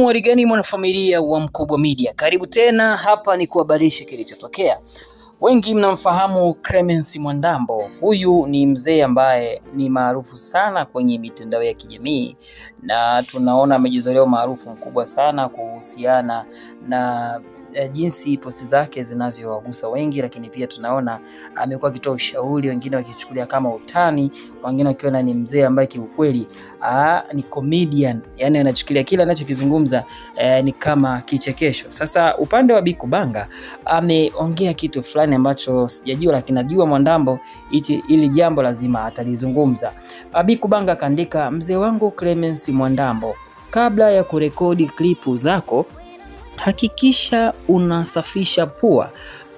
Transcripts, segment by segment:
Mwarigani mwanafamilia wa Mkubwa Media, karibu tena hapa ni kuhabarisha kilichotokea. Wengi mnamfahamu Clemence Mwandambo. Huyu ni mzee ambaye ni maarufu sana kwenye mitandao ya kijamii, na tunaona amejizolea maarufu mkubwa sana kuhusiana na Eh, jinsi posti zake zinavyowagusa wengi, lakini pia tunaona amekuwa akitoa ushauri, wengine wakichukulia kama utani, wengine wakiona ni mzee ambaye kiukweli ni comedian, yani anachukulia kila anachokizungumza eh, ni kama kichekesho. Sasa upande wa Biko Banga ameongea kitu fulani ambacho sijajua, lakini najua Mwandambo ili jambo lazima atalizungumza. Biko Banga kaandika, mzee wangu Clemence Mwandambo, kabla ya kurekodi klipu zako hakikisha unasafisha pua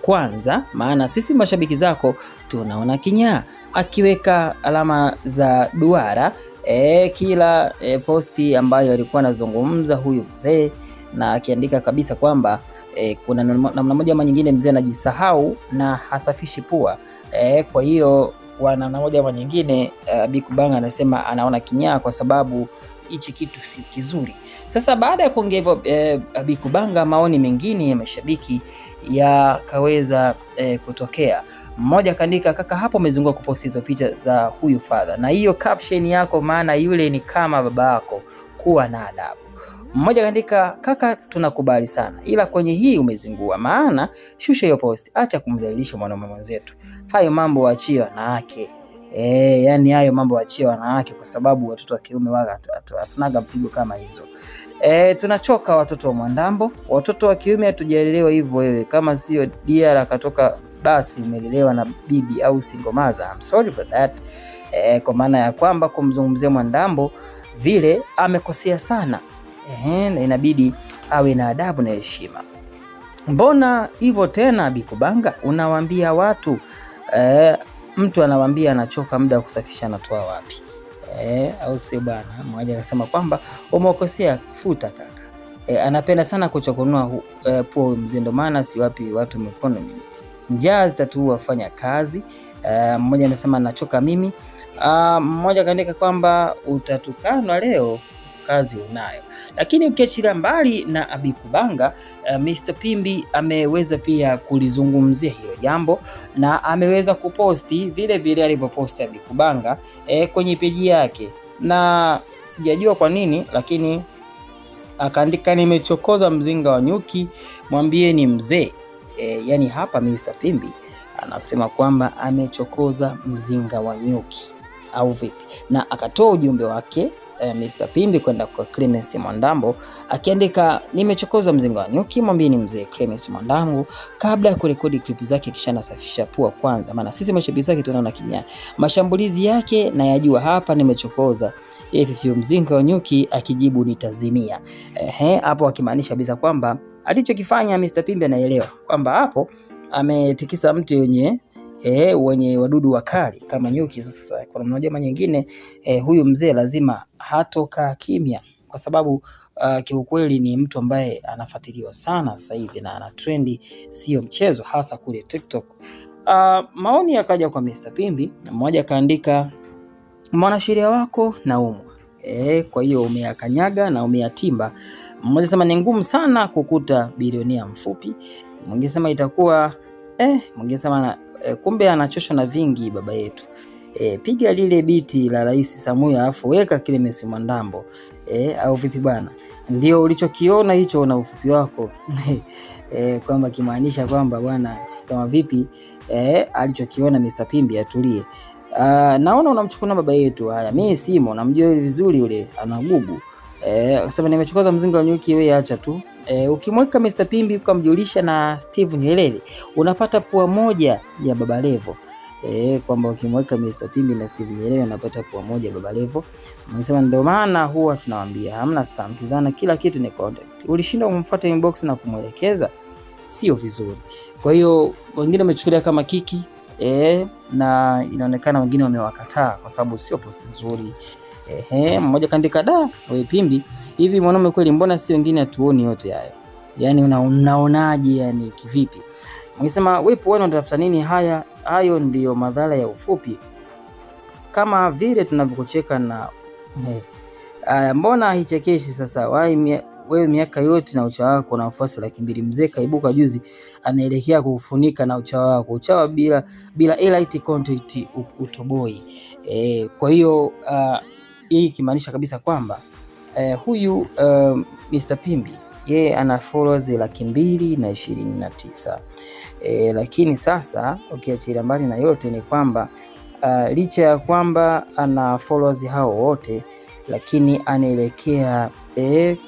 kwanza, maana sisi mashabiki zako tunaona kinyaa akiweka alama za duara e, kila e, posti ambayo alikuwa anazungumza huyu mzee na akiandika kabisa kwamba e, kuna namna moja ama nyingine mzee anajisahau na hasafishi pua e, kwa hiyo kwa namna moja ama nyingine uh, e, Bikubanga anasema anaona kinyaa kwa sababu hichi kitu si kizuri. Sasa baada ya kuongea hivyo e, eh, Abikubanga, maoni mengine ya mashabiki yakaweza eh, kutokea. Mmoja kaandika, kaka, hapo umezungua kuposti hizo picha za huyu fadha na hiyo caption yako, maana yule ni kama baba yako, kuwa na adabu. Mmoja kaandika, kaka, tunakubali sana, ila kwenye hii umezingua, maana shusha hiyo post, acha kumdhalilisha mwanaume mwenzetu, hayo mambo waachie wanawake. E, yani hayo mambo waachie wanawake, kwa sababu watoto wa kiume waga hatunaga mpigo kama hizo. E, tunachoka watoto wa Mwandambo, watoto wa kiume hatujaelewa hivyo. Wewe kama sio la katoka basi umelelewa na bibi au single mother. I'm sorry for that. E, kwa maana ya kwamba kumzungumzia Mwandambo vile amekosea sana. Ehe, na inabidi awe na adabu na heshima. Mbona hivyo tena Bikubanga, unawaambia watu eh, mtu anawambia anachoka, muda wa kusafisha anatoa wapi? E, au sio bwana? Mmoja akasema kwamba umeokosea, futa kaka. E, anapenda sana kuchokonua e, eh, pua huyu mzee, ndo maana wapi watu mikono mimi. Njaa zitatuua, fanya kazi. E, mmoja anasema nachoka mimi. Ah, mmoja akaandika kwamba utatukanwa leo kazi unayo. Lakini ukiachilia mbali na Abikubanga, uh, eh, Mr Pimbi ameweza pia kulizungumzia hilo jambo na ameweza kuposti vile vile alivyoposti Abikubanga e, eh, kwenye peji yake, na sijajua kwa nini lakini akaandika nimechokoza mzinga wa nyuki, mwambieni mzee. Eh, yani hapa Mr Pimbi anasema kwamba amechokoza mzinga wa nyuki au vipi, na akatoa ujumbe wake eh, Mr. Pimbi kwenda kwa Clemens Mwandambo akiandika, nimechokoza mzinga mzingani. Ukimwambia ni mzee Clemens Mwandambo, kabla ya kurekodi klipu zake kisha nasafisha pua kwanza, maana sisi mashabiki zake tunaona kimya. Mashambulizi yake na yajua hapa, nimechokoza Fifyu mzinga wa nyuki akijibu nitazimia. Ehe, hapo akimaanisha kabisa kwamba alichokifanya Mr. Pimbi anaelewa kwamba hapo ametikisa mtu yenye e, wenye wadudu wakali kama nyuki. Sasa kwa namna moja nyingine e, huyu mzee lazima hatoka kimya kwa sababu uh, kiukweli ni mtu ambaye anafuatiliwa sana sasa hivi na ana trendi sio mchezo, hasa kule TikTok. Uh, maoni yakaja kwa Mr Pimbi, mmoja akaandika mwanasheria wako naumwa. E, kwa hiyo umeyakanyaga na umeyatimba. Mmoja sema ni ngumu sana kukuta bilionia mfupi, mwingine sema itakuwa eh, mwingine sema e, kumbe anachoshwa na vingi baba yetu. E, piga lile biti la Rais Samia afu weka kile Messi Mwandambo e, eh, au vipi bwana? Ndio ulichokiona hicho na ufupi wako e, kwamba kimaanisha kwamba bwana kama vipi e, alichokiona Mr Pimbi atulie. Uh, naona unamchukua baba yetu. Haya, mimi simo, namjua vizuri yule anagugu e, sema nimechukua mzinga wa nyuki, wewe acha tu. E, ukimweka Mr. Pimbi ukamjulisha na Steve Nyelele unapata pua moja ya Baba Levo. E, kwamba ukimweka Mr. Pimbi na Steve Nyelele unapata pua moja ya Baba Levo. Nimesema ndio maana huwa tunawaambia hamna stamp, kidhana kila kitu ni contact. Ulishindwa kumfuata inbox na kumwelekeza sio vizuri. Kwa hiyo wengine wamechukulia kama kiki e, na inaonekana wengine wamewakataa kwa sababu sio posti nzuri. Ehe, mmoja kaandika da, wewe pimbi, hivi mwanaume kweli, mbona si wengine hatuoni yote hayo? Yaani unaonaje una yani kivipi? Mngesema wepo wewe unatafuta nini haya? Hayo ndiyo madhara ya ufupi. Kama vile tunavyokucheka na he. Aya, mbona hichekeshi sasa? Wai mia, wewe miaka yote na uchawa wako na wafuasi laki mbili. Mzee kaibuka juzi anaelekea kufunika na uchawa wako, uchawa bila bila elite content utoboi. E, kwa hiyo uh, hii ikimaanisha kabisa kwamba eh, huyu eh, Mr Pimbi yeye ana followers laki mbili na ishirini na tisa eh, lakini sasa ukiachilia okay, mbali na yote ni kwamba uh, licha ya kwamba ana followers hao wote lakini anaelekea eh,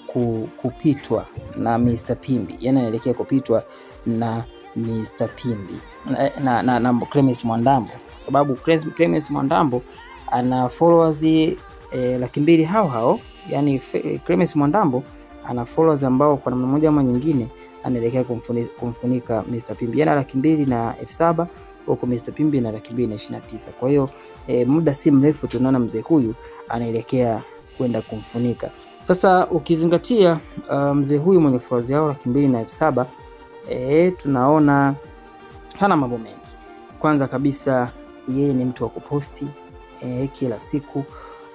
kupitwa na Mr Pimbi, yani anaelekea kupitwa na Mr Pimbi eh, na, na, na, na Clemens Mwandambo kwa sababu Clemens Mwandambo ana followers e, laki mbili hao hao, yani eh, Clemens Mwandambo ana followers ambao kwa namna moja ama nyingine anaelekea kumfunika, kumfunika Mr Pimbi ana laki mbili na elfu saba huko Mr Pimbi na laki mbili na ishirini na tisa. Kwa hiyo e, muda si mrefu tunaona mzee huyu anaelekea kwenda kumfunika. Sasa ukizingatia uh, mzee huyu mwenye followers yao laki mbili na elfu saba e, tunaona hana mambo mengi. Kwanza kabisa yeye ni mtu wa kuposti e, kila siku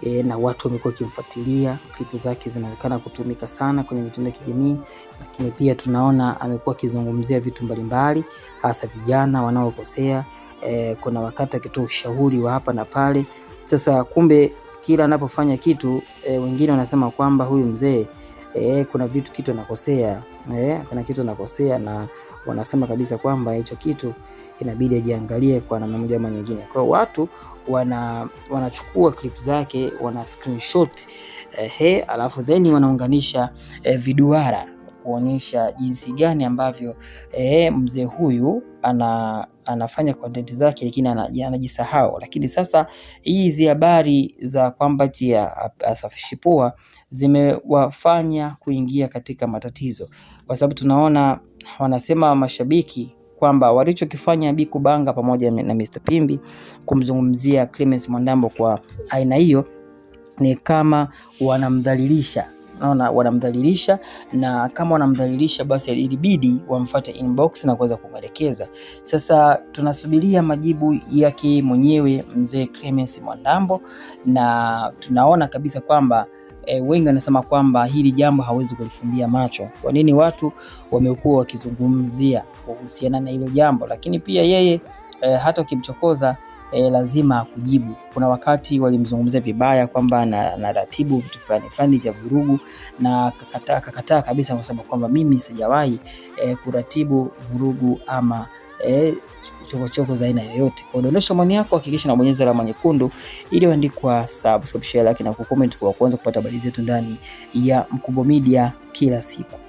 e, na watu wamekuwa wakimfuatilia. Klipu zake zinaonekana kutumika sana kwenye mitandao ya kijamii, lakini pia tunaona amekuwa akizungumzia vitu mbalimbali, hasa vijana wanaokosea. E, kuna wakati akitoa ushauri wa hapa na pale. Sasa kumbe kila anapofanya kitu e, wengine wanasema kwamba huyu mzee e, kuna vitu kitu anakosea e, kuna kitu anakosea, na wanasema kabisa kwamba hicho kitu inabidi ajiangalie kwa namna moja ama nyingine. Kwa hiyo watu wana wanachukua clip zake wana screenshot ehe, alafu then wanaunganisha e, viduara kuonyesha jinsi gani ambavyo e, mzee huyu ana anafanya content zake lakini anajisahau. Lakini sasa hizi habari za kwamba asafishi pua zimewafanya kuingia katika matatizo, kwa sababu tunaona wanasema mashabiki kwamba walichokifanya Biku Banga pamoja na Mr Pimbi kumzungumzia Clemence Mwandambo kwa aina hiyo ni kama wanamdhalilisha naona wanamdhalilisha, na kama wanamdhalilisha basi ilibidi wamfuate inbox na kuweza kumwelekeza. Sasa tunasubiria majibu yake mwenyewe mzee Clemence Mwandambo, na tunaona kabisa kwamba E, wengi wanasema kwamba hili jambo hawezi kulifumbia macho. Kwa nini watu wamekuwa wakizungumzia kuhusiana na hilo jambo? Lakini pia yeye e, hata ukimchokoza e, lazima akujibu. Kuna wakati walimzungumzia vibaya kwamba anaratibu vitu fulani fulani vya vurugu na akakataa akakataa kabisa, kwa sababu kwamba mimi sijawahi e, kuratibu vurugu ama e, chokochoko za aina yoyote. Kwa dondosha maoni yako, hakikisha na bonyeza alama nyekundu iliyoandikwa subscribe, share, like na kucomment kwa kuanza kupata habari zetu ndani ya Mkubwa Media kila siku.